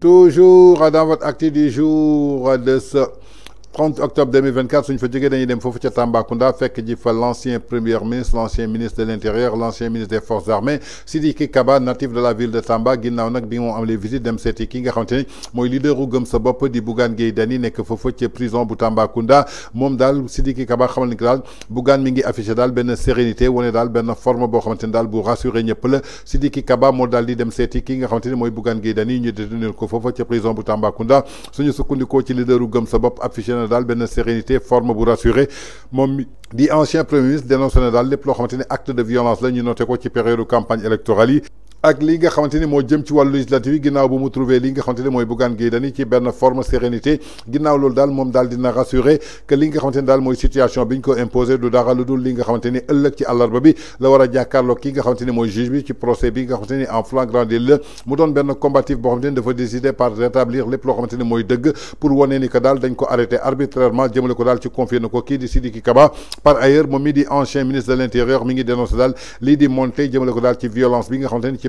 Toujours dans votre acte du jour de ce 30 octobre 2024 suñu fa jógee dañuy dem foofu ca Tambacounda fekk ji fa l'ancien premier ministre l'ancien ministre de l'intérieur l'ancien ministre des forces armées Sidiki Kaba natif de la ville de Tamba ginnaaw nag bi moo am les visites dem seeti ki nga xamante ni mooy leaderu gëm sa bopp di Bougane Gueye Dany nekk foofu ca prison bu Tambacounda moom daal Sidiki Kaba xamal ni que daal Bougane mi ngi affiché daal sérénité wane daal benn forme boo xamante ni daal bu rassuré ñëpp la Sidiki Kaba moo daal di dem seeti ki nga xamante ni mooy Bougane Gueye Dany ñu détenir ko foofu ca prison bu Tambacounda suñu sukkandikoo ci leaderu gëm sa bopp affiché d'albin de sérénité forme bu rassurer mon di ancien premier ministre dénoncé na daal lépp loo acte de violence la ñu noté ko ci période campagne électorale ak li nga xamanteni mo jëm ci wàllu législative yi bu mu trouvé li nga xamanteni moy mooy Bougane Gueye ci ben forme sérénité ginnaaw lool dal mom dal dina rassurer que li nga xamanteni dal moy situation biñ ko imposer du dara lu dul li nga xamanteni ni ci alarba bi la wara a ki nga xamanteni moy juge bi ci procès bi nga xamanteni en flagrant délit mu don ben combatif bo xamanteni dafa décider par rétablir lepp lo xamanteni moy mooy dëgg pour woné ni que dal dañ ko arrêté arbitrairement jëmele ko dal ci confié na ko kii di Sidiki Kaba par ailleurs mom mi di ancien ministre de l'Intérieur, mi ngi dénoncer dal li di monter jëmele ko dal ci violence bi nga xamanteni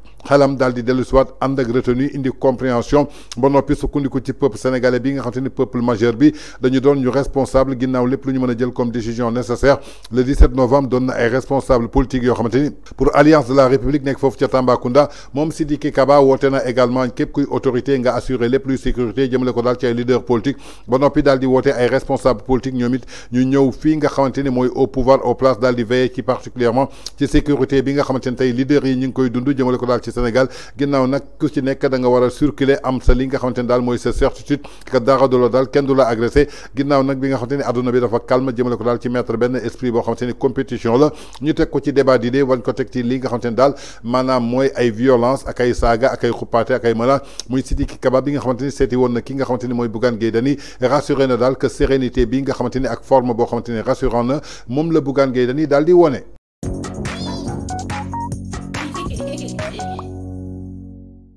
xelam d'aldi di dellu si waat ànd ak retenu indi compréhension ba noppi sukkandiku ci peuple sénégalais bi nga xam peuple majeur bi dañu doon ñu responsable ginnaaw lépp lu ñu mën a jël comme décision nécessaire le 17 novembre doon na ay responsable politique yoo xamante pour alliance de la république nekk foofu ca Tambacounda moom Sidiki Kaba woote na également képp kuy autorité nga assurer lépp luy sécurité jëmale ko daal ci ay leader politique ba noppi daldi di woote ay responsable politique ñoom it ñu ñëw fii nga xamante ni au pouvoir au place d'aller veillé veiller ci particulièrement ci sécurité bi nga xamante ni tey leader yi ñu ngi koy dund jëmale ko daal ci Sénégal ginnaw nak ku ci nek da nga wara circuler am sa li nga xamanteni dal moy sa certitude que dara do la dal kenn du la agressé ginnaaw nag bi nga xamanteni aduna bi dafa calme jëmale ko dal ci mettre ben esprit bo xamanteni compétition la ñu tek ko ci débat d'idées wañ ko tek ci li nga xamanteni dal manam moy ay violence ak ay saga ak ay xupaté ak ay menaces muy Sidiki Kaba bi nga xamanteni ni won na ki nga xamanteni moy bugan gay Gueye rassurer na dal que sérénité bi nga xamanteni ak forme bo xamanteni ni rassurant na mom la bugan gay Dany dal di woné